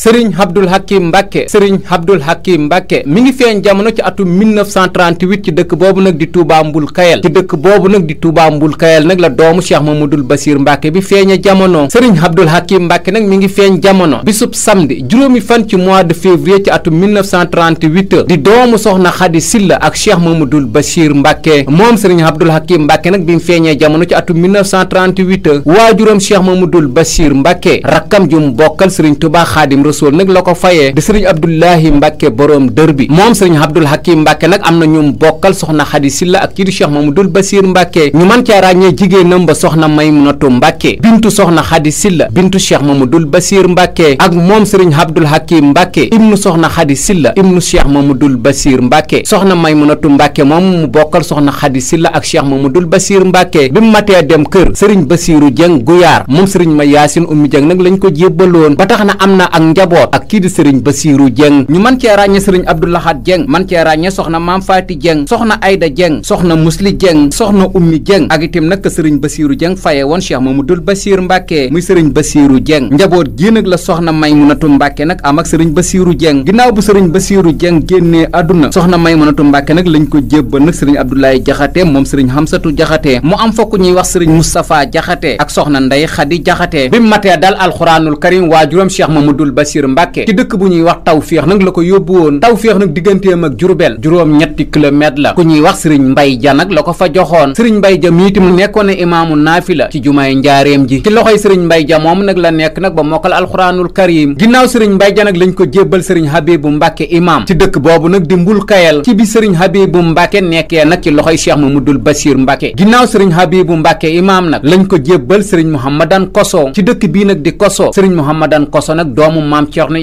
sëriñ Abdul Hakim Mbacke sëriñ Abdul Hakim Mbacke mi ngi feeñ jamono ci atum 1938 ci dëkk boobu nag di Touba Mbul Kayel dëkk boobu nag di Touba Mbul nag la doomu Cheikh Mamadul Basir Mbacke bi feeñe jamono sëriñ Abdul Hakim Mbacke nag mi ngi feeñ jamono bisub samedi juróomi fan ci mois de février ci atum 1938 di doomu soxna Xadi Silla ak Cheikh Mamadul Basir Mbacke moom sëriñ Abdul Hakim Mbacke nag bi mu feeñee jamono ci atum 1938 waajuram Cheikh Mamadul Basir Mbacke rakkam ju mu bokkal sëriñ Touba Xaadim Rasoul nag la ko fayee di sëriñ Abdoulahi Mbacke borom dër bi moom sëriñ Abdoul Hakim Mbacke nag am na ñum bokkal soxna Xadi Silla ak kii di Cheikh Mamadou Basir Mbacke ñu mën caa ràññee jigéenam ba soxna Maymunatu Mbacke bintu soxna Xadi Silla bintu Cheikh Mamadou Basir Mbacke ak moom sëriñ Abdoul Hakim Mbacke ibnu soxna Xadi Silla ibnu Cheikh Mamadou Basir Mbacke soxna Maymunatu Mbacke moom mu bokkal soxna Xadi Silla ak Cheikh Mamadou Basir Mbacke bi mu matee dem kër sëriñ Basiru Jeng Guyaar moom sëriñ ma Yaasin Ummi Jeng nag lañ ko jébbaloon ba tax na am na ak njaboot ak kii di sëriñ Basiiru Jeng ñu mën cee ràññe sëriñ Abdou Lahad Jeng mën cee ràññe soxna Maam Faati Jeng soxna Ayda Jeng soxna Musli Jeng soxna Ummi Jeng ak itam nag sëriñ Basiiru Jeng faye woon Cheikh Mamadul Basiir Mbàkke muy sëriñ Basiiru Jeng njaboot jéen nag la soxna may Maymunatu Mbàkke nag am ak sëriñ Basiiru Jeng ginnaaw bu sëriñ Basiiru Jeng génnee àdduna soxna Maymunatu Mbàkke nag lañ ko jébbal nag sëriñ Abdoulaye Jaxate moom sëriñ Hamsatu Jaxate mu am fokk ñuy wax sëriñ Moustapha Jaxate ak soxna Ndey Xadi Jaxate bi matee dal alxuraanul karim waajuram Cheikh Mamadul Basiir Bachir Mbacke ci dëkk bu ñuy wax Tawféex nag la ko yóbbu woon Tawféex nag digganteem ak Jurbel juróom-ñetti kilomètre la ku ñuy wax Serigne Mbaye ja nag la ko fa joxoon Serigne Mbaye Dia miiti mu nekkoon ne imaamu naafila ci jumaay njaareem ji ci loxoy Serigne Mbaye Dia moom nag la nekk nag ba mokkal alxuraanul karim ginnaaw Serigne Mbaye Dia nag lañ ko jébbal Serigne Habibu Mbacke imaam ci dëkk boobu nag di mbul kayal ci bi Serigne Habibu Mbacke nekkee nag ci loxoy Cheikh Mamadul Bachir Mbacke ginnaaw Serigne Habibu Mbacke imaam nag lañ ko jébbal Serigne Mouhamadan Koso ci dëkk bii nag di Koso Serigne Mouhamadan Koso nag doomu maam Cerno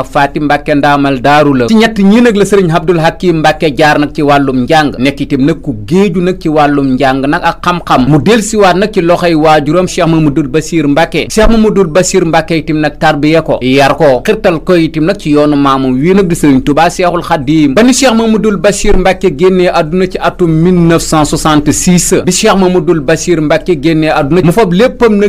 a Faati Mbàkke ndaamal daaru la ci ñett ñii nag la sëriñ Abdul Hakim Mbàkke jaar nag ci wàllum njàng nekk itam nag ku géeju nag ci wàllum njàng nag ak xam-xam mu del siwaat nag ci loxoy waajuram Cheikh Mamadul Basir Mbàkke Cheikh Mamadul Basir Mbàkke itam nag tarbiya ko yar ko xirtal ko itam nag ci yoonu maamam wii nag di sëriñ Tubaa Seexul Xadiim ba ni Cheikh Mamadul Basir Mbàkke génnee àdduna ci atum bi Cheikh Mamadul mu fab léppam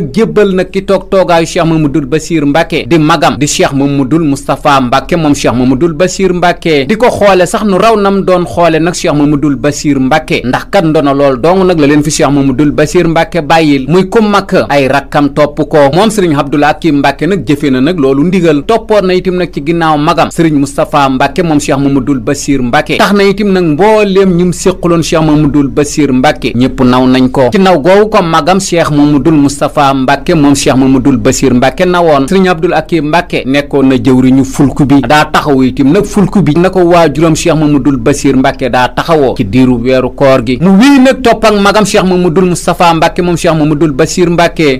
Mbàkke di magam di Cheikh cheikh mamadul moustapha mbàkke moom cheikh mamadul basir mbàkke di ko xoole sax nu raw nam doon xoole nag cheikh mamadul basir mbàkke ndax kat ndono lool dong nag la leen fi cheikh mamadul basir mbàkke bàyyil muy ku mag ay rakkam topp ko moom sëriñ abdul hakim mbàkke nag jëfe na nag loolu ndigal toppoon na itim nag ci ginnaaw magam sëriñ moustapha mbàkke moom cheikh dul basir mbàkke tax na itim nag mbooleem ñum séquloon cheikh mamadul basir mbàkke ñëpp naw nañ ko naw googu ko magam cheikh mamadul moustapha mbàkke moom cheikh mamadul basir mbàkke nawoon sëriñ abdul hakim nekkoon na jëwriñu fulku bi daa taxaw itam nag fulku bi na ko waajuram cheikh mamadul basir mbàkke daa taxawoo ci diiru weeru koor gi mu wii nag topp ak magam cheikh mamadul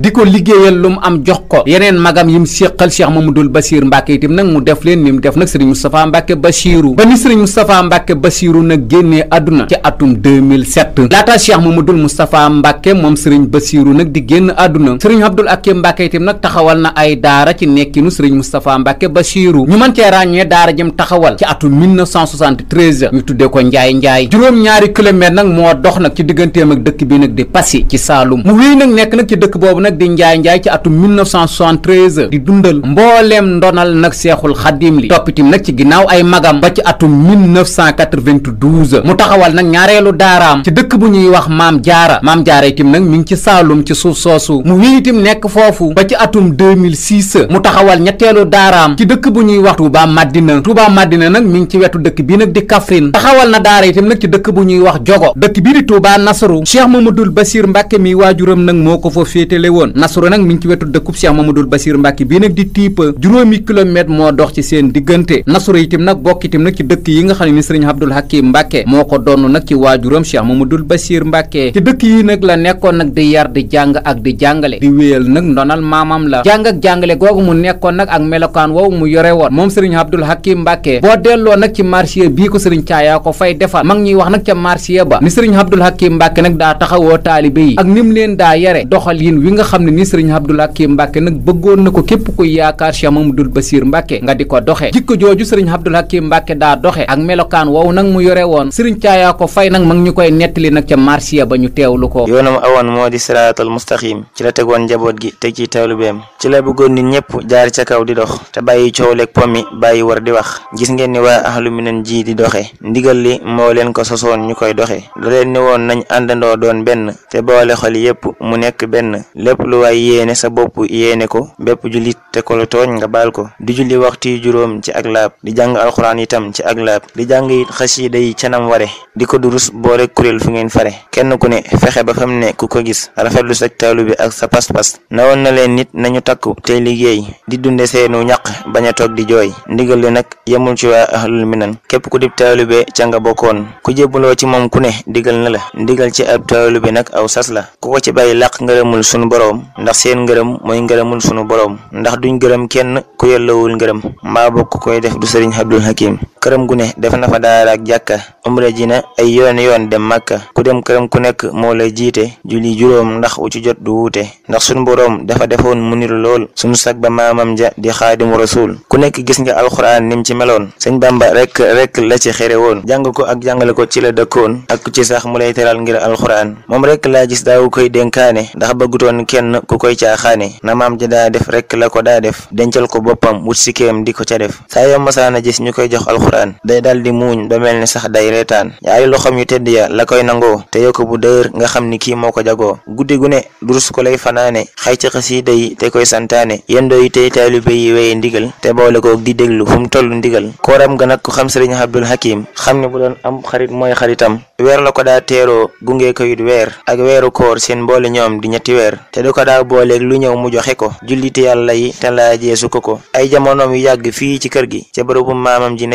di ko liggéeyal lu mu am jox ko yeneen magam yi mu séqal cheikh mamadul basir mbàkke itam nag mu def leen ni mu def nag sëriñ moustapha mbàkke basiru ba ni sëriñ moustapha mbàkke basiru nag génnee àdduna ci atum 2007 laata cheikh mamadul moustapha mbàkke moom sëriñ basiru nag di génn àdduna sëriñ abdul akim mbàkke itam nag taxawal na ay daara ci nekkinu sëriñ moustapha Moustapha Mbacke Bassirou ñu mën cee ràññee daara jëm taxawal ci atu 1973 ñu tuddee ko Njaay Njaay juróom-ñaari kilomètre nag moo dox nag ci digganteem ak dëkk bi nag di Passy ci Saloum mu wéy nag nekk nag ci dëkk boobu nag di Njaay Njaay ci atu 1973 di dundal mbooleem ndonal nag Seexul Xadim toppitim nag ci ginnaaw ay magam ba ci atum mu taxawal nag ñaareelu daaraam ci dëkk bu ñuy wax Maam Jaara Maam Jaara itim nag mi ci Saloum ci suuf soosu mu wéy itim nekk daaraam ci dëkk bu ñuy wax Touba Madina Touba Madina nag mi ngi ci wetu dëkk bi nag di Kaffrine taxawal na daara itam nag ci dëkk bu ñuy wax Jogo dëkk bii di Touba Nasru Cheikh Mamadul Basir Mbàkke mi nag moo ko fa féetale woon Nasru nag mi ngi ci wetu dëkkub Cheikh Mamadul Basir Mbàkke bii nag di tiipa juróomi kilomètre moo dox ci seen diggante Nasru itam nag bokk itam nag ci dëkk yi nga xam ne ni Sëriñ Abdul Hakim Mbàkke moo ko donn nag ci waajuram Cheikh Mamadul Basir Mbàkke ci dëkk yi nag la nekkoon nag di yar di jàng ak di jàngale di wéyal nag ndonal maamam la jàng ak jàngale melokaan woowu mu yore woon moom sëriñ Abdul Hakim Mbàkke boo delloo nag ci marché bii ko sëriñ Caaya ko fay defal mag ñuy wax nag ba ni sëriñ Abdul Hakim Mbàkke nag daa taxawoo taalibe yi ak nim leen daa yare doxalin wi nga xam ne ni sëriñ Abdul Hakim Mbàkke nag bëggoon na ko képp kuy yaakaar Cheikh Mamadul Basiir Mbàkke nga di ko doxe jikko jooju sëriñ Abdul Hakim Mbàkke daa doxe ak melokaan woowu nag mu yore woon sëriñ Caaya ko fay nag mag ñu koy nettali nag ca marché ba ñu teewlu dox te bàyyi coow leeg pomi bàyyi war di wax gis ngeen ni waa ahlu minan ji di doxe ndigal li moo leen ko sosoon ñu koy doxe da leen ni woon nañu àndandoo doon benn te boole xol yépp mu nekk benn lépp lu waay yéene sa bopp yéene ko bépp jullit te ko la tooñ nga baal ko di julli waxtu yu juróom ci ak laab di jàng alxuraan itam ci ak laab di jàng it xasiida yi canam ware di ko durus boole kuréel fu ngeen fare kenn ku ne fexe ba fam ne ku ko gis rafetlu sa taalu bi ak sa pas-pas aw ñaq bañ a toog di jooy ndigal li nag yemul ci lu mi nan képp ku dib taalube ca nga bokkoon ku jébbuloo ci moom ku ne ndigal na la ndigal ci ab taalube nag aw sas la ku ko ci bàyyi làq ngërëmul sunu boroom ndax seen ngërëm mooy ngërëmul sunu borom ndax duñ gërëm kenn ku yellowul ngërëm mbaa bokk koy def du sëriñ Abdul Hakim këram gu ne def na fa daara ak jàkka umra ji na ay yoon yoon dem màkka ku dem këram ku nekk moo lay jiite julli juróom ndax u ci jot du wuute ndax sunu boroom dafa defoon mu nir lool sunu sag ba maamam ja di xaadimu rasul ku nekk gis nga alxuraan nim ci meloon sëñ bamba rek rek la ci xere woon jàng ko ak jàngale ko ci la dëkkoon ak ci sax mu lay teral ngir alxuraan moom rek laa gis daa daaw koy dénkaane ndax bëggutoon kenn ku koy caaxaane na maam ja daa def rek la ko daa def dencal ko boppam wut sikeem di ko ca def saa yoo jox alxuraan alxuraan day daal di muuñ ba mel ni sax day reetaan ñaari loxoom yu tedd ya la koy nangoo te yokk bu dër nga xam ni kii moo ko jagoo guddi gu ne durus ko lay fanaane xay ci xasiida yi te koy santaane yendoo yi tey taalibe yi weye ndigal te boole ko di déglu fu mu toll ndigal kooram ga nag ku xam sëriñ Abdul Hakim xam ne bu doon am xarit mooy xaritam weer la ko daa teeroo gunge ko weer ak weeru koor seen mboole ñoom di ñetti weer te du ko daa booleeg lu ñëw mu joxe ko julliti yàlla yi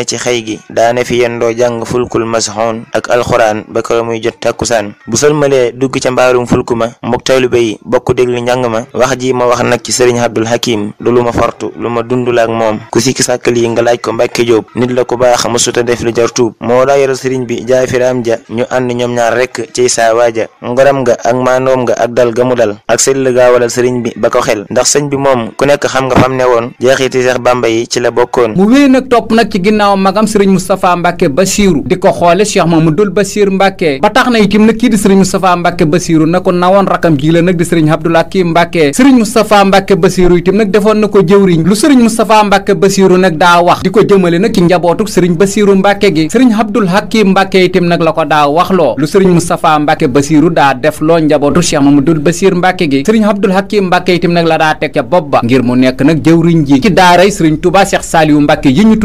ko xëy gi daane fi yendoo jàng fulkul masxoon ak alxuraan ba kër muy jot takkusaan bu sëlmalee dugg ca mbaarum fulku ma mbokk taalibe yi bokk déglu njàng ma wax ji ma wax nag ci sëriñ Abdul Hakim du lu ma fortu lu ma dund la ak moom ku sikki sàkkal yi nga laaj ko Mbàkke Jóob nit la ko baax mësuta def lu jar tuub moo daa yore sëriñ bi jaay firaam ja ñu ànd ñoom ñaar rekk ciy saa waaja ngoram nga ak maandoom nga ak dal ga mu dal ak sell gaa walal sëriñ bi ba ko xel ndax sëñ bi moom ku nekk xam nga fam ne woon jeexiti Seex Bàmba yi ci la bokkoon magam sëriñ Moustapha Mbacke Bassirou di ko xoole Cheikh Mamadou Bassir Mbacke ba tax na itim nag kii di sëriñ Moustapha Mbacke Bassirou na ko nawoon rakam ji la nag di sëriñ Abdoul Hakim Mbacke sëriñ Moustapha Mbacke Bassirou itim nag na ko jëwriñ lu sëriñ Moustapha Mbacke Bassirou nag daa wax di ko jëmale nag ci njabootuk sëriñ Bassirou Mbacke gi sëriñ Abdoul Hakim Mbacke itim nag la ko daa wax waxloo lu sëriñ Moustapha Mbacke Bassirou daa def loo njabootu Cheikh Mamadou Bassir Mbacke gi sëriñ Abdoul Hakim Mbacke itim nag la daa teg ca bopp ba ngir mu nekk nag jëwriñ ji ci daaray sëriñ Touba Cheikh Saliou Mbacke yi ñu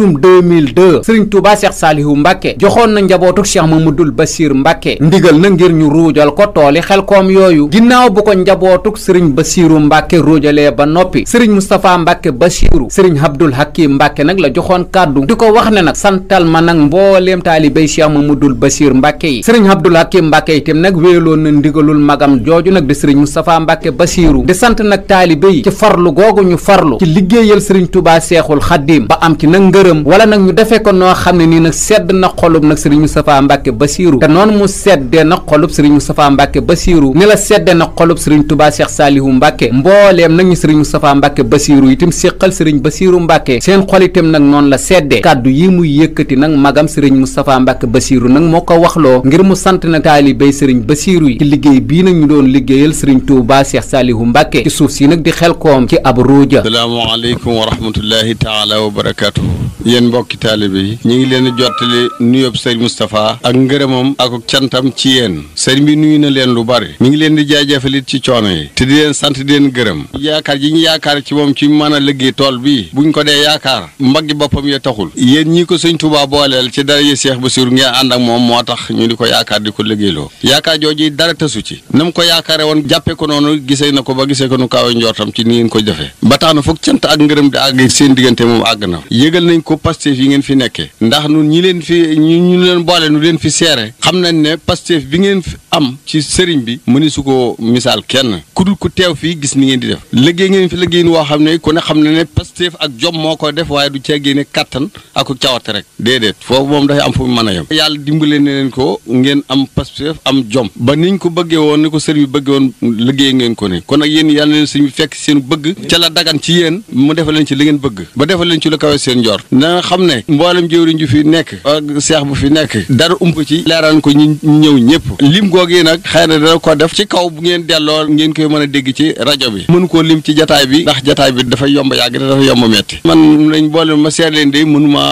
atum 2002 sëriñ Touba Cheikh Saalihu Mbàkke joxoon na njabootuk Cheikh Mamadul Basiir Mbàkke ndigal na ngir ñu ruujal ko tooli xel koom yooyu ginnaaw bu ko njabootuk sëriñ Basiiru Mbàkke ruujalee ba noppi sëriñ Moustapha Mbàkke Basiiru sëriñ Abdul Hakim Mbàkke nag la joxoon kàddu di ko wax ne nag santal ma nag mbooleem taalibey Cheikh Mamadul Basiir Mbàkke yi sëriñ Abdul Hakim Mbàkke itam nag wéeloon na ndigalul magam jooju nag di sëriñ Moustapha Mbàkke Basiiru di sant nag taalibe yi ci farlu googu ñu farlu ci liggéeyal sëriñ Touba Seexul Xaddiim ba am ci nag ngërëm cëram wala nag ñu defee ko noo xam ne nii nag sedd na xolub nag sëriñ Moustapha Mbacke Bassirou te noonu mu seddee na xolub sëriñ Moustapha Mbacke Bassirou ni la seddee na xolub sëriñ Touba Cheikh Salihu Mbacke mbooleem nag ñu sëriñ Moustapha Mbacke Bassirou itam séqal sëriñ Bassirou Mbacke seen xol itam nag noonu la seddee kàddu yi muy yëkkati nag magam sëriñ Moustapha Mbacke Bassirou nag moo ko waxloo ngir mu sant nag taalibey sëriñ Bassirou yi ci liggéey bii nag ñu doon liggéeyal sëriñ Touba Cheikh Salihu Mbacke ci suuf si nag di xel koom ci ab ruuja salaamaaleykum wa rahmatullahi taala wa barakatuhu yéen mbokki taalibe yi ñu ngi leen jottali nuyoob sëriñ mustafa ak ngërëmam ak cantam ci yéen sëriñ bi nuyu na leen lu bari mu ngi leen di jaajëfalit ci coono yi te di leen sant di leen gërëm yaakaar ji ñu yaakaar ci moom ci mën a liggéey tool bi buñ ko dee yaakaar mbaggi boppam ya taxul yéen ñii ko sëñ Tuubaa booleel ci dara yi Seex Basiru ngeen ànd ak moom moo tax ñu di ko yaakaar di ko liggéeyloo yaakaar jooju dara tasu ci na ko yaakaare woon jàppee ko noonu gisee na ko gisee ko nu kaawe ci ni ko jëfee ba tax na foog ngërëm di àgg diggante moom àgg na yëgal nañ ko Pastef yi ngeen fi nekkee ndax nun ñi leen fi ñu ñu leen boole nu leen fi seere xam nañ ne Pastef bi ngeen fi am ci sëriñ bi mëni su ko misaal kenn ku dul ku teew fii gis ni ngeen di def liggéey ngeen fi liggéey woo xam ne ku ne xam na ne Pastef ak jom moo koy def waaye du ceegee ne kàttan ak ku cawarte rek déedéet foofu moom dafay am fu mën a yem yàlla dimbale ne leen ko ngeen am Pastef am jom ba niñ ko bëggee woon ni ko sëriñ bi bëggee woon liggéey ngeen ko ne kon ak yéen yàlla na leen sëriñ bi fekk seen bëgg ca la dagan ci yéen mu defal leen ci li bëgg ba defal leen ci lu kawe seen njor na nga xam ne mboolem jëwriñ ju fi nekk ak seex bu fi nekk dara ump ci leeral ko ñu ñëw ñëpp lim googee nag xëy na dana ko def ci kaw bu ngeen delloo ngeen koy mën a dégg ci rajo bi mënu koo lim ci jataay bi ndax jataay bi dafa yomb yàgg te dafa yomb metti man lañ boole ma seet leen de mënuma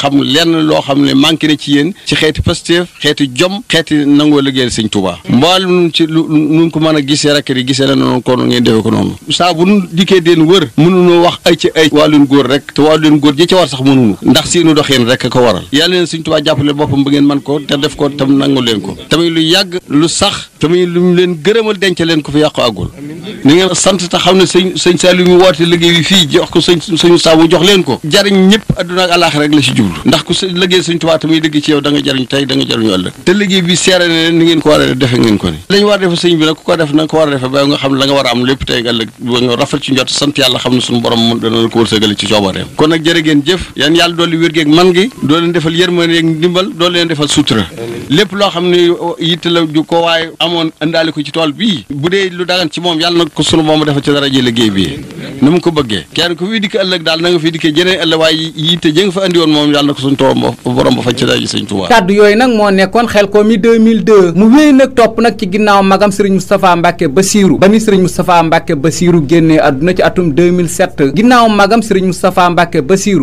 xam lenn loo xam ne manqué na ci yéen ci xeeti Pastef xeeti jom xeeti nangoo liggéeyal Sëñ Tuubaa mboolem ci lu nu ko mën a gisee rek di gisee na noonu ko ngeen defee ko noonu saa bu nu dikkee deen wër mënunoo wax ay góor rek sax mënuñu ndax seenu doxeen rek ko waral yàlla leen suñ tubaa jàppale boppam ba ngeen man ko te def ko tam nangu leen ko tamit lu yàgg lu sax tamit lu mu leen ko fi yàqu ñëpp adduna ak alaax rek da nga jariñ tey da nga jariñu ëllëg te liggéey war a defe ba nga xam la nga war a am lépp tey ëllëg rafet ci njot sant yàlla xam ne suñu borom dana ko wërsëgale ci coobareem kon nag jërë ngeen jëf yan yàlla dolli wér geeg man gi doo leen defal yërmande ak ndimbal doo leen defal sutura lépp loo xam ne yitte la ju ko waaye amoon indaale ko ci tool bii bu dee lu dagan ci moom yàlla na ko sunu moom defal ci dara ji liggéey bi na mu ko bëggee kenn ku fi dikk ëllëg daal na fi dikkee jeneen ëllëg waaye yitte jë fa andi woon moom yàlla na ko suñu tool borom ba faj ci dara ji sëñ Tuubaa kàddu yooyu nag moo nekkoon Xelkom mi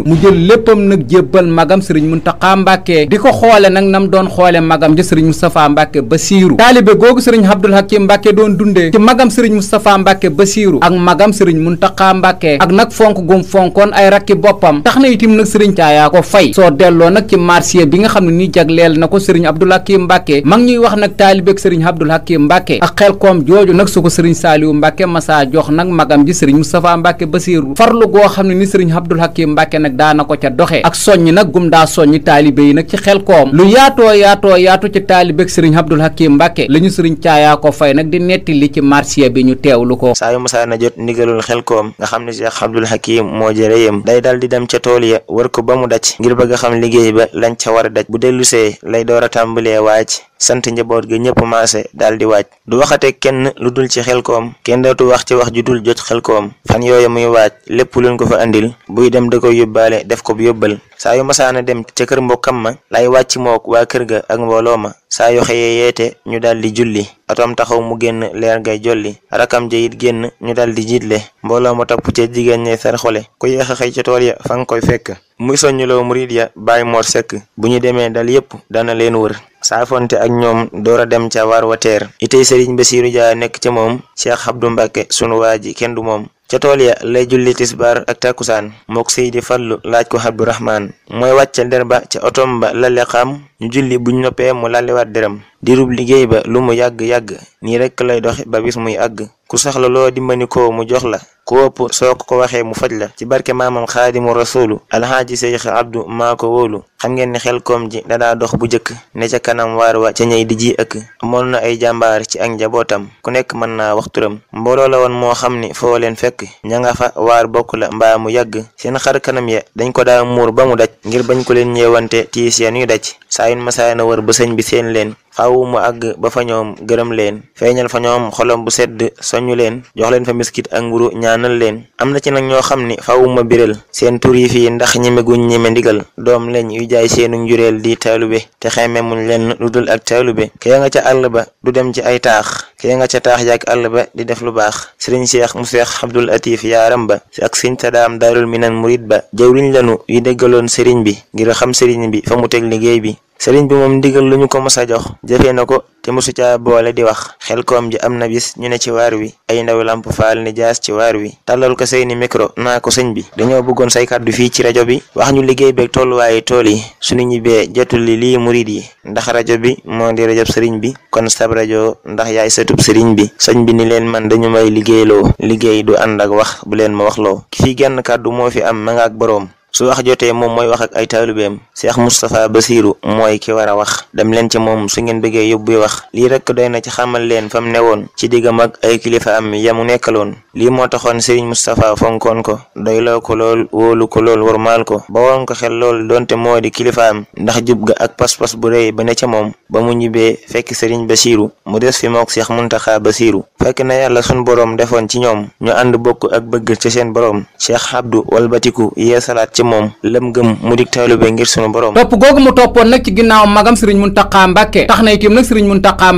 mu wéy jël léppam nag jébbal magam sëriñ Muntaxa Mbàkke di ko xoole nag nam doon xoole magam ja sëriñ Moustapha Mbàkke Basiiru taalibe googu sëriñ Abdul Hakim Mbàkke doon dundee ci magam sëriñ Moustapha Mbàkke Basiiru ak magam sëriñ Muntaxa Mbàkke ak nag fonk gum fonkoon ay rakki boppam tax na itim nag sëriñ Caayaa ko fay soo delloo nag ci marché bi nga xam ne ni jagleel na ko sëriñ Abdul Hakim Mbàkke mag ñuy wax nag taalibe ak sëriñ Abdul Hakim Mbàkke ak xel koom jooju nag su ko sëriñ Saaliwu Mbàkke masaa jox nag magam ji sëriñ Moustapha Mbàkke Basiiru farlu goo xam ne na ko ca doxee ak soññ nag gum daa soññ taalibe yi nag ci xel koom lu yaatoo yaatoo yaatu ci taalibeeg sëriñ Abdul Hakim Mbàkke la ñu sëriñ caayaa nag di netti li ci marché bi ñu teewlu ko saa yu na jot ndigalul xel koom nga xam ne Cheikh Abdul Hakim moo jëre yem day dal dem ca tool ya wër ko ba mu daj ngir bëgg xam liggéey ba lañ ca war a daj bu dellusee lay door a tàmbalee waaj sant njaboot ga ñëpp maase daal di waaj du waxate kenn lu dul ci xel koom kenn dootu wax ci wax ju dul jot xel koom fan yooyu muy waaj lépp luñ ko fa andil buy dem da def ko bu yóbbal saa yu masaana dem ca kër mbokkam ma lay wàcc mook waa kër ga ak mbooloo ma saa yu xëyee yeete ñu daal di julli atoom taxaw mu génn leer gay jolli rakkam ja it génn ñu daal di jiitle mbooloo ma topp ca jigéen ñe sar xole ku yéex a xëy ca tool ya fa nga koy fekk muy soññuloo murid ya bàyyi mor sekk bu ñu demee dal yépp dana leen wër saafonte ak ñoom door a dem ca war wa teer itey sëriñ Basiiru Jaa nekk ca moom Cheikh Abdou Mbacke sunu waa ji kenn du moom ca tool ya lay julli baar ak takkusaan mook Seydi Fallu laaj ko Abdu Rahmaan mooy wàcce der ba ca otom ba lale xam ñu julli buñ noppee mu laliwaat deram dirub liggéey ba lu mu yàgg-yàgg nii rekk lay dox ba bis muy àgg ku soxla loo dimbali ko mu jox la ku ëpp soo ko waxee mu faj la ci barke maamam xaadimu rasuulu alxaaji seex abdu maa ko wóolu xam ngeen ne xel koom ji dadaa dox bu jëkk ne ca kanam waar wa ca ñey di ji ëkk amoon na ay jàmbaar ci ak njabootam ku nekk mën naa wax turam mbooloo la woon moo xam ni foo leen fekk ña nga fa waar bokk la mbaa mu yàgg seen xar kanam ya dañ ko daa muur ba mu daj ngir bañ ko leen ñeewante tii seen yu daj saa yun masaana wër ba sëñ bi seen leen xaw mu àgg ba fa ñoom gërëm leen feeñal fa ñoom xolam bu sedd soñu leen jox leen fa miskit ak nguru ñaanal leen am na ci nag ñoo xam ni xaw ma biral seen tur fii ndax ñeme guñ ñeme ndigal doom lañ yu jaay seenu njureel di taalube te xeme muñ leen lu dul ak taalube kee nga ca àll ba du dem ci ay taax ke nga ca taax yàgg àll ba di def lu baax sëriñ seex mu seex Abdul Atif yaaram ba si ak sëriñ Tadaam Daarul Minan murid ba jawriñ lanu yu déggaloon sëriñ bi ngir xam sëriñ bi mu teg liggéey bi sëriñ bi moom ndigal lu ñu ko mos a jox jëfee na ko te mosu caa boole di wax xel koom ji am na bis ñu ne ci waar wi ay ndaw làmp faal ni jaas ci waar wi tàllal ko seeni micro naa ko sëñ bi dañoo bëggoon say kàddu fii ci rajo bi wax ñu liggéey beeg tolluwaayu tool yi suñu ñibbee jotul li lii murid yi ndax rajo bi moo di rajob sëriñ bi kon sab rajo ndax yaay sëtub sëriñ bi sëñ bi ni leen man dañu may liggéeyloo liggéey du ànd ak wax bu leen ma waxloo ki fi genn kàddu moo fi am ma ak boroom su wax jotee moom mooy wax ak ay taalubeem Cheikh Moustapha Basiru mooy ki war a wax dem leen ci moom su ngeen bëggee yóbbuy wax lii rekk doy na ci xamal leen fam ne woon ci digga mag ay kilifa am yamu nekkaloon lii moo taxoon Serigne Moustapha fonkoon ko doy doyloo ko lool woolu ko lool maal ko ba woon ko xel lool donte moo di kilifaam ndax jub ga ak pas-pas bu rëy ba ne ca moom ba mu ñibbee fekk Serigne Basiru mu des fi mook Cheikh Muntaxa Basiru fekk na yàlla sun boroom defoon ci ñoom ñu ànd bokk ak bëgg ca seen boroom Cheikh Abdou walbatiku yee salaat ci moom lam gëm mu dik taalibe ngir sunu borom topp googu mu toppoon nag ci ginnaaw magam sëriñ Muntaxa Mbàkke tax na itam nag sëriñ Muntaxa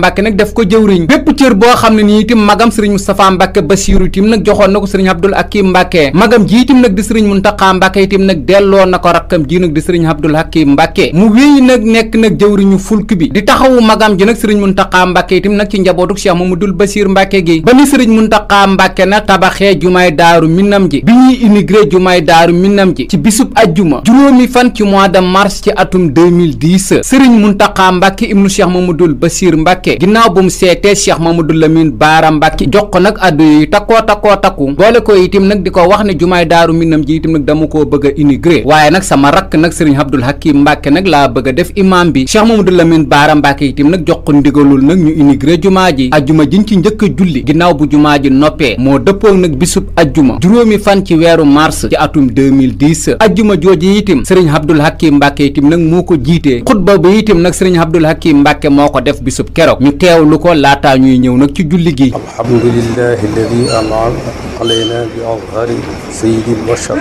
Mbàkke Basiiru itam nag joxoon na ko sëriñ Abdul Hakim Mbàkke magam nag sëriñ Muntaxa Mbàkke itam nag delloo na ko rakkam ji nag di sëriñ Abdul Hakim Mbàkke mu wéy nag nekk nag jëwriñu fulk bi di taxawu magam ji nag sëriñ Muntaxa Mbàkke itam nag ci njabootuk Cheikh Mamadul Basiir Mbàkke gi ba ni sëriñ Muntaxa Mbàkke na tabaxee jumaay daaru minam ji bi ñuy immigré jumaay daaru minam ji bisub ajjuma juróomi fan ci mois de mars ci atum 2010 sëriñ Muntaxa Mbàkke ibnu cheikh Mamadul Basiir Mbàkke ginnaaw bu mu seetee ma Mamadul Lamin Baara Mbàkke jox ko nag addu yu takkoo takkoo takku boole ko itim nag di ko wax ne jumaay daaru minam ji itim nag dama koo bëgg a waaye nag sama rakk nag sëriñ Abdul Hakim Mbàkke nag laa bëgg def imam bi cheikh Mamadul Lamin Baara Mbàkke itim nag jox ko ndigalul nag ñu intégré jumaa ji ajjuma jiñ ci njëkk julli ginnaaw bu jumaa ji noppee moo dëppoog nag bisub ajjuma juróomi fan ci weeru mars ci atum 2010 ajjuma jooji itim sëriñ Abdul Hakim Mbàkke itim nag moo ko jiitee xutba bi itim nag sëriñ Abdul Hakim Mbàkke moo ko def bisub keroog ñu teewlu ko laataa ñuy ñëw nag ci julli gi alhamdulillahi alladi an'ama alayna bi azhari sayyidil bashar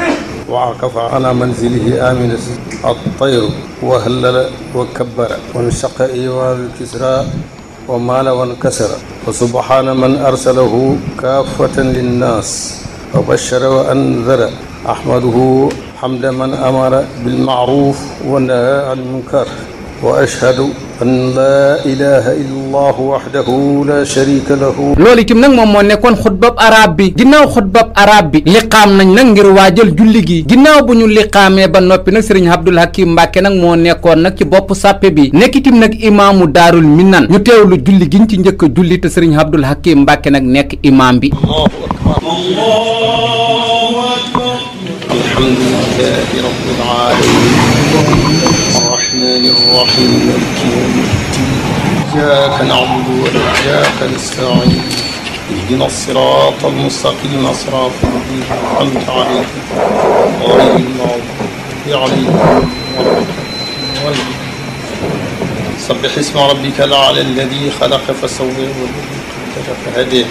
وعكف على منزله آمنة الطير وهلل وكبر وانشق إيوال الكسرى ومال وانكسر وسبحان من أرسله كافة للناس وبشر وأنذر أحمده حمد من أمر بالمعروف ونهى عن المنكر وأشهد أن لا إله إلا nag moom moo nekkoon xutbab arab bi ginnaaw xutbab bi liqaam nañ nag ngir waa jël julli gi ginnaaw bu ñu liqaamee ba noppi nag sëriñ Abdul Hakim Mbàkke nag moo nekkoon nag ci bopp sàppe bi nekk itam nag imaamu daarul minan ñu teewlu julli giñ ci njëkk a julli te sëriñ Abdul Hakim Mbàkke nag nekk imaam bi لله رب العالمين الرحمن الرحيم مالك يوم الدين إياك نعبد وإياك نستعين اهدنا الصراط المستقيم صراط الذين أنعمت عليهم غير المغضوب عليهم سبح اسم ربك الأعلى الذي خلق فسوى والذي قدر فهديه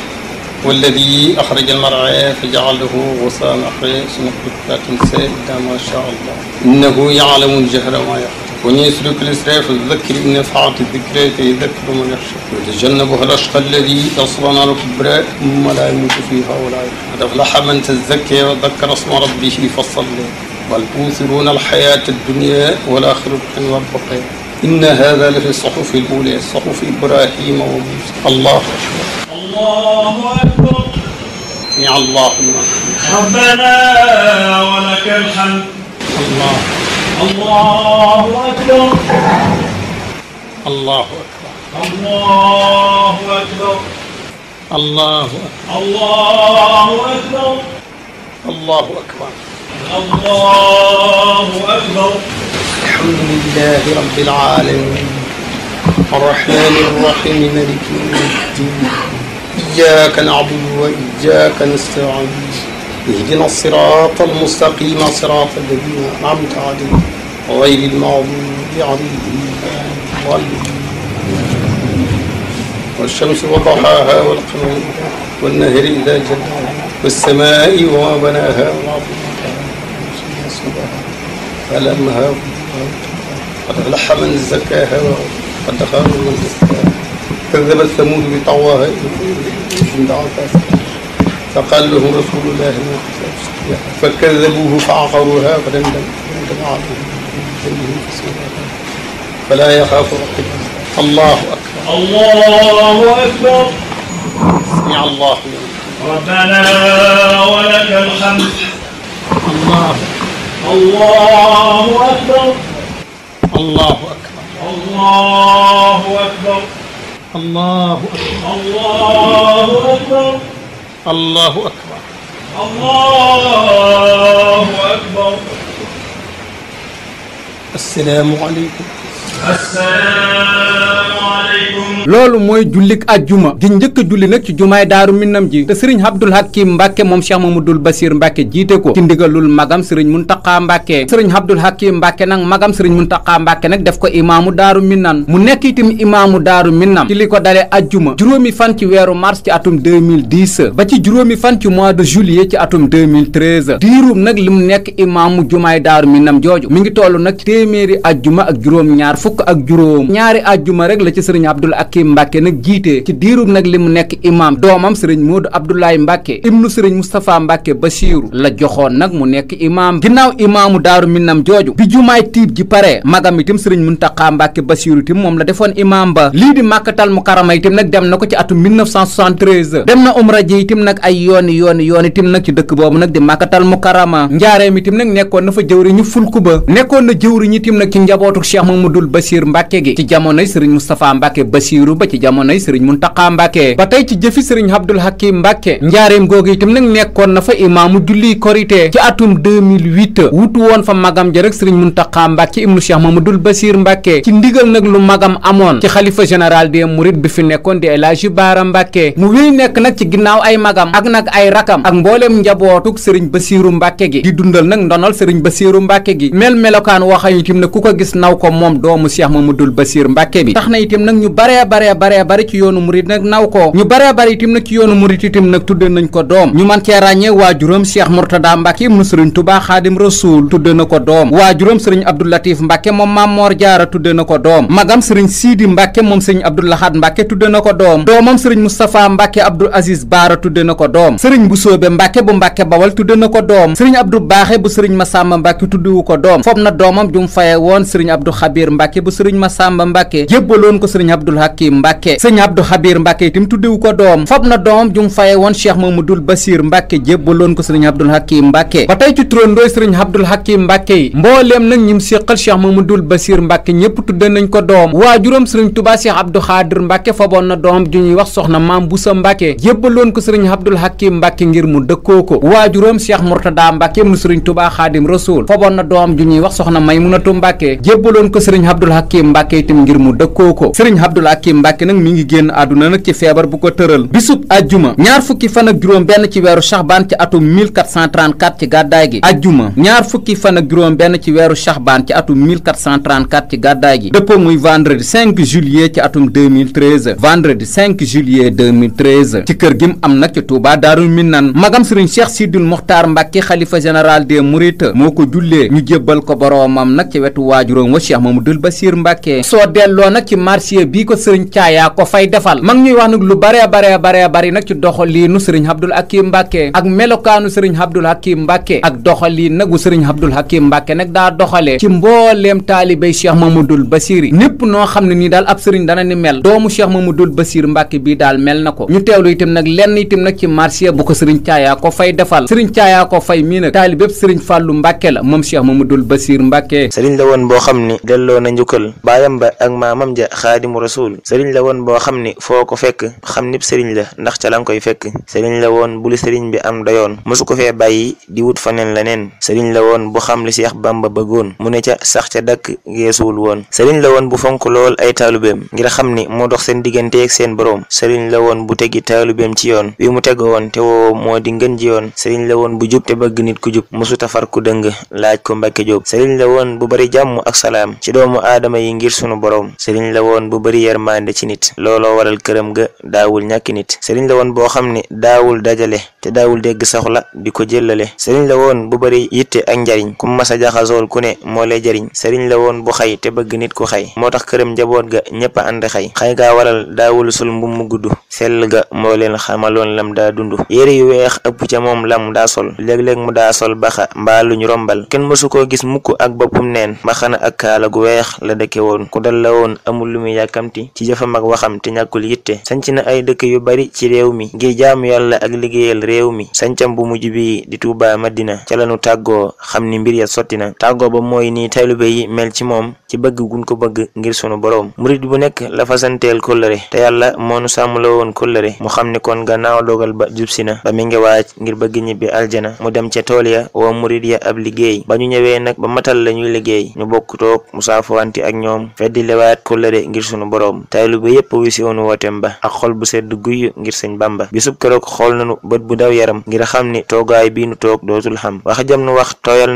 walladi axraja almar'a fa ja'alahu ghusaan axraja sunu kutbatin sayda ma sha Allah innahu ya'lamu al-jahra ma yaxsha wa man yasluki al-isra'a fa dhakkir in nafa'ati dhikra fa yadhakkaru man yaxsha yatajannabuha al-ashqa alladi yasla naara al-kubra thumma la yamuutu fiha wa la yaxya qad aflaha man tazakkara wa dhakkara isma rabbihi fa salla bal tu'thiruuna al-hayaata ad-dunya wal-aaxiratu hayrun wa abqaa inna haadha la fi as-suhufi al-uulaa suhufi Ibraahiima wa Muusaa Allahu akbar الله أكبر يا اللهم ربنا ولك الحمد الله الله أكبر الله أكبر الله أكبر الله أكبر الله أكبر الله أكبر الله أكبر الحمد لله رب العالمين الرحمن الرحيم مالك يوم الدين إياك نعبد وإياك نستعين اهدنا الصراط المستقيم صراط الذين أنعمت عليهم غير المغضوب عليهم والشمس وضحاها والقمر والنهر إذا جلاها والسماء وما بناها فلمها ولحم من زكاها وقد خاب من زكاها كذب ثمود بطغواها فقال لهم رسول الله فكذبوه فعقروها فدمدم فلا يخاف عقباها الله أكبر الله أكبر سمع الله ربنا ولك الحمد الله الله أكبر الله أكبر الله أكبر الله أكبر الله أكبر الله أكبر الله أكبر السلام عليكم loolu mooy jullik ajjuma gi njëkk a julli nag ci jumaay daaru minnam ji te sëriñ Abdul Hakim Mbàkke moom Cheikh Mamadul Basir Mbàkke jiite ko ci ndigalul magam sëriñ Muntaqa Mbàkke sëriñ Abdul Hakim Mbàkke nag magam sëriñ Muntaqa Mbàkke nag def ko imaamu daaru minnan mu nekk itam imaamu daaru minnam ci li ko dalee ajjuma juróomi fan ci weeru mars ci atum 2010 ba ci juróomi fan ci mois de juillet ci atum 2013 diirum nag li mu nekk imaamu jumaay daar minnam jooju mi ngi toll nag téeméeri ajjuma ak juróom fukk ak juróom ñaari àjjuma rek la ci sëriñ Abdul Akim Mbàkke nag jiite ci diirub nag li mu nekk imaam doomam sëriñ Moodu Abdoulaye Mbàkke ibnu sëriñ Moustapha Mbàkke Basiiru la joxoon nag mu nekk imaam ginnaaw imaamu daaru minnam jooju bi jumaay tiib ji pare magam itam sëriñ Muntaxa Mbàkke Basiiru itam moom la defoon imaam ba lii di màkkatal mukarama itam nag dem na ko ci atum dem na umra ji itam nag ay yooni yooni yoon itam nag ci dëkk boobu nag di màkkatal na fa jëwriñu fulku Bachir Mbacke gi ci jamonoy sëriñ Moustapha Mbacke Bachiru ba ci jamonoy sëriñ Muntaqa Mbacke ba tey ci jëfi sëriñ Abdul Hakim Mbacke njaareem googu itam nag nekkoon na imaamu julli korité ci atum 2008 woon fa magam ja rek sëriñ Muntaqa Mbacke ibnu Cheikh Mamadul Bachir Mbacke ci ndigal nag lu magam amoon ci xalifa général des mourides bi fi nekkoon di El Hadji Baara Mbacke mu wéy nekk nag ci ginnaaw ay magam ak nag ay rakam ak mbooleem njabootug sëriñ Bachiru Mbacke gi di dundal doomu Cheikh Mamadul Basir Mbàkke bi tax na itam nag ñu baree baree baree bari ci yoonu murit nag naw ko ñu baree bari itam nag ci yoonu murit itam nag tudde nañ ko doom ñu man cee ràññee waajuram Cheikh Murtada Mbàkke ibnu Sëriñ Tuubaa Xaadim Rasuul tudde na ko doom waajuram Sëriñ Abdou Latif Mbàkke moom Maam Moor Jaara tudde na ko doom magam Sëriñ Siidi Mbàkke moom Sëriñ Abdou Lahad Mbàkke tudde na ko doom doomam Sëriñ Moustapha Mbàkke Abdou Aziz Baara tudde na ko doom Sëriñ Busoobe Mbàkke bu ko doom Sëriñ na doomam jum faye woon Sëriñ Abdou Mbàkke bu sëriñ Masamba Mbàkke jébbaloon ko sëriñ Abdul Hakim Mbàkke sëriñ Abdu Xabir Mbàkke itam tuddewu ko doom fab na doom ju mu faye woon Cheikh Mamadul Basir sëriñ Abdul Hakim Mbàkke ba tey ci turandooy sëriñ Abdul Hakim Mbàkke yi mbooleem nag ñim séqal Cheikh Mamadul Basir Mbàkke ñépp tudde nañ ko doom waajuram sëriñ Tuubaa Cheikh Abdu Xaadir Mbàkke faboon na doom ju ñuy wax soxna Maam Busa Mbàkke jébbaloon ko sëriñ Abdul Hakim Mbàkke ngir mu dëkkoo ko waajuram Cheikh Murtada Mbàkke mu sëriñ Tuubaa Xaadim Rasuul faboon na doom ju ñuy wax soxna Maymunatu Abdoul Hakim Mbacke itam ngir mu dëkkoo ko sëriñ Abdoul Hakim Mbacke nag mu ngi génn àdduna nag ci feebar bu ko tëral bisub ajjuma ñaar fukki fan ak juróom benn ci weeru Chaxbaan ci atum 1434 ci gàddaay gi ajjuma ñaar fukki fan ak juróom benn ci weeru Chaxbaan ci atum 1434 ci gàddaay gi dëppoo muy vendredi 5 juillet ci atum 2013 vendredi 5 juillet 2013 ci kër gim am nag ci Touba Daarul Minan magam sëriñ Cheikh Sidul Mokhtar Mbacke xalifa général de Mourides moo ko jullee ñu jébbal ko boroomam nag ci wetu waajuróom wa Cheikh Mamadou Basiir Mbàkke soo delloo nag ci marché bii ko sëriñ caayaa ko fay defal mag ñuy wax nag lu bare bare bare bari nag ci doxaliinu sëriñ Abdul Hakim Mbàkke ak melokaanu sëriñ Abdul Hakim Mbàkke ak doxaliin nag wu sëriñ Abdul Hakim Mbàkke nag daa doxalee ci mbooleem taalibey Cheikh Mamadul Basiir yi népp noo xam ne nii daal ab sëriñ dana ni mel doomu Cheikh Mamadul Basiir Mbàkke bii daal mel na ko ñu teewlu itam nag lenn itam nag ci marché bu ko sëriñ caayaa ko fay defal sëriñ caayaa ko fay mii nag taalibépp sëriñ Fàllu Mbàkke la moom Cheikh Mamadul Basiir Mbàkke sëriñ la woon boo xam ni delloo nañ njukkal baayam ba ak maamam ja xaadimu rasul sëriñ la woon boo xam ni foo ko fekk xam nib sëriñ la ndax ca la nga koy fekk sëriñ la woon bu li sëriñ bi am doyoon mosu ko fee bàyyi di wut faneen la woon bu xam li Seex Bàmba bëggoon mu ne ca sax ca dakk geesuwul woon sëriñ la woon bu fonk lool ay taalubeem ngir xam ni moo dox seen digganteeg seen boroom sëriñ la woon bu teggi taalubeem ci yoon wi mu teg woon te woo moo di ngën ji yoon sëriñ la woon bu jub te bëgg nit ku jub mosu tafar ku dëng laaj ko Mbàkke Jóob sëriñ la aadama yi ngir sunu boroom sëriñ la woon bu bari yërmande ci nit looloo waral këram ga daawul ñàkki nit sëriñ la woon boo xam ne daawul dajale te daawul dégg soxla di ko jëllale sëriñ la woon bu bari yitte ak njariñ ku mas a jaxasool ku ne moo lay jariñ sëriñ la woon bu xay te bëgg nit ku xay moo tax këram njaboot ga ñëpp a ànd xay xay gaa waral daawul sul mbubb mu gudd sell ga moo leen xamaloon lam daa dund yére yu weex ëpp ca moom lam daa sol léeg-léeg mu daa la dëkke woon ku dal la woon amul lu mu yàkkamti ci jëfam ak waxam te ñàkkul yitte sanc na ay dëkk yu bari ci réew mi ngir jaamu yàlla ak liggéeyal réew mi sancam bu mujj bi di Tuuba Madina ca la nu tàggoo xam ni mbir ya sotti na tàggoo ba mooy ni taalibe yi mel ci moom ci bëgg guñ ko bëgg ngir sunu boroom murit bu nekk la fasanteel kóllëre te yàlla moonu sàmm la woon kóllëre mu xam ni kon gannaaw dogal ba jub si na ba mi ngi waaj ngir bëgg ñibbi aljana mu dem ca tool ya woo murit ya ab liggéey ba ñu jëflante ak ba yépp wuy si woon wooteem ba ak ni toogaay bii nu toog dootul xam wax jam na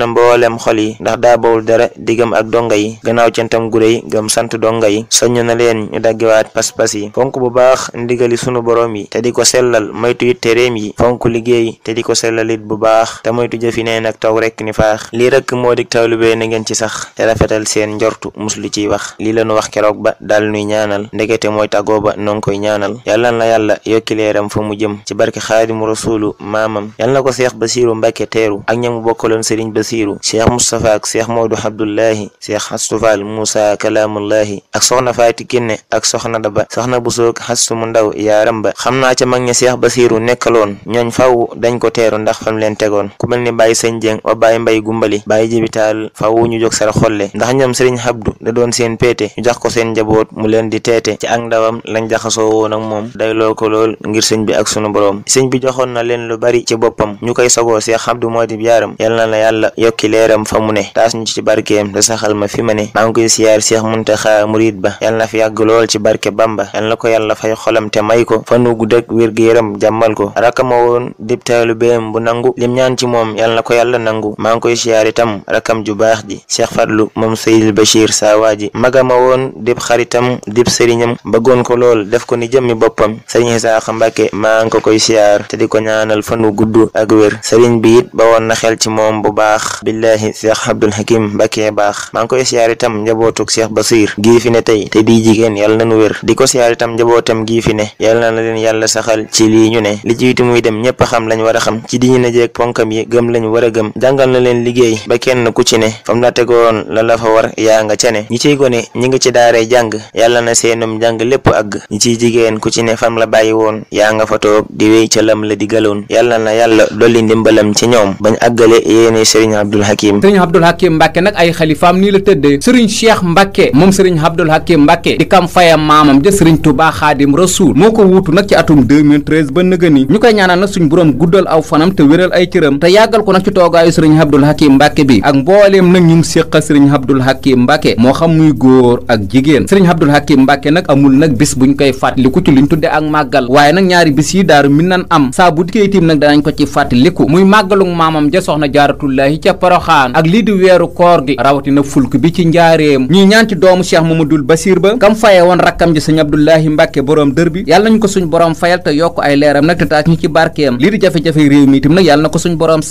mboolem xol yi ndax daa bawul dara diggam ak donga yi gannaaw cantam gure yi gam sant donga yi soññ na leen ñu daggewaat pas-pas yi fonk bu baax ndigali sunu boroom yi te di ko sellal moytu it tereem yi fonk liggéey te di ko sellal it bu baax te moytu jëfineen ak taw rekk ni faax lii rekk moo dig tawlubee na ci sax te rafetal seen njortu muslu ciy wax lii la wax keroog ba dal nuy ñaanal ndekete mooy tàggoo ba noo ngi koy ñaanal yàlla na yàlla yokki leeram fa mu jëm ci barke xaadimu rasuulu maamam yàlla na ko seex basiiru mbake teeru ak ñamu bokkaloon sëriñ basiiru seex mustapha ak seex moodu abdullahi seex xastufaal muusa kalaamullahi ak soxna faati kinne ak soxna daba soxna busoog xastu mu ndaw yaaram ba xam naa ca mag ña seex basiiru nekkaloon ñooñ faw dañ ko teru ndax fam leen tegoon ku mel ni bàyyi sëñ jeng wa bay mbay gumbali bàyyi jibitaal faw ñu jóg sara xolle ndax ñoom sëriñ xab da doon seen péete ñu jox ko seen njaboot mu leen di teete ci ak ndawam lañ jaxasoo woon ak moom day lool ko lool ngir sëñ bi ak sunu boroom sëñ bi joxoon na leen lu bari ci boppam ñu koy sagoo Seex Abdou moo di yaaram yal na la yàlla yokki leeram fa mu ne taas ñu ci barkeem da saxal ma fi ma ne maa ngi koy siyaar Seex Muntaxa murid ba yal fi yàgg lool ci barke Bamba yal na ko yàlla fay xolam te may ko fa nu gudd ak wér jàmmal ko rakama woon dib taalu béyam bu nangu lim ñaan ci moom ko yàlla nangu maa ngi koy siyaar itam saa waa ji magama woon dib xaritam dib sëriñam bëggoon ko lool def ko ni jëmmi boppam sëriñ Isaaxa Mbàkke maa ngi ko koy siyaar te di ko ñaanal fa fanu gudd ak wér sëriñ bi it ba woon na xel ci moom bu baax billahi Cheikh Abdul Hakim Mbàkke baax maa ngi koy siyaar itam njabootug Cheikh Basir gii fi ne tey te di jigéen yàlla nanu wér di ko siyaar itam njabootam gii fi ne yal na leen yàlla saxal ci lii ñu ne li jiitu muy dem ñépp xam lañ war a xam ci diñu ne jeeg ponkam yi gëm lañ war a gëm jàngal na ne xamante ne ñi ciy gone ñi ngi ci daaree jàng yàlla na seenum jàng lépp àgg ñi ciy jigéen ku ci ne fam la bàyyi woon yaa nga fa toog di wéy ca la digaloon yàlla na yàlla dolli ndimbalam ci ñoom bañ àggale yéene sëriñ Abdul Hakim sëriñ Abdul Hakim Mbàkke nag ay xalifaam nii la tëddee sëriñ Cheikh Mbàkke moom sëriñ Abdul Hakim Mbàkke di kam fayam maamam ja sëriñ Tuubaa Xaadim Rasuul moo ko wuutu nag ci atum 2013 ba nëgëni ñu koy ñaanal nag suñ boroom guddal aw fanam te wéral ay cëram bi ak Mbàkke moo xam muy góor ak jigéen sëriñ Abdul Hakim Mbàkke nak amul nag bis bu buñ koy fàttaliku ci ñu tudde ak màggal waaye nag ñaari bis yi daaru min na am saa bu dikkee itim nag danañ ko ci fàttaliku muy màggalu maamam ja soxna jaaratullaahi ca poroxaan ak lii di weeru koor gi rawatina fulk bi ci njaareem ñuy ñaan ci doomu cheikh mamadul basir ba kam faye woon rakkam ji sëñ Abdullahi Mbàkke boroom dër bi yàlla nañ ko suñ boroom fayal te yokk ay leeram nag te taas ñu ci barkeem lii di jafe-jafe réew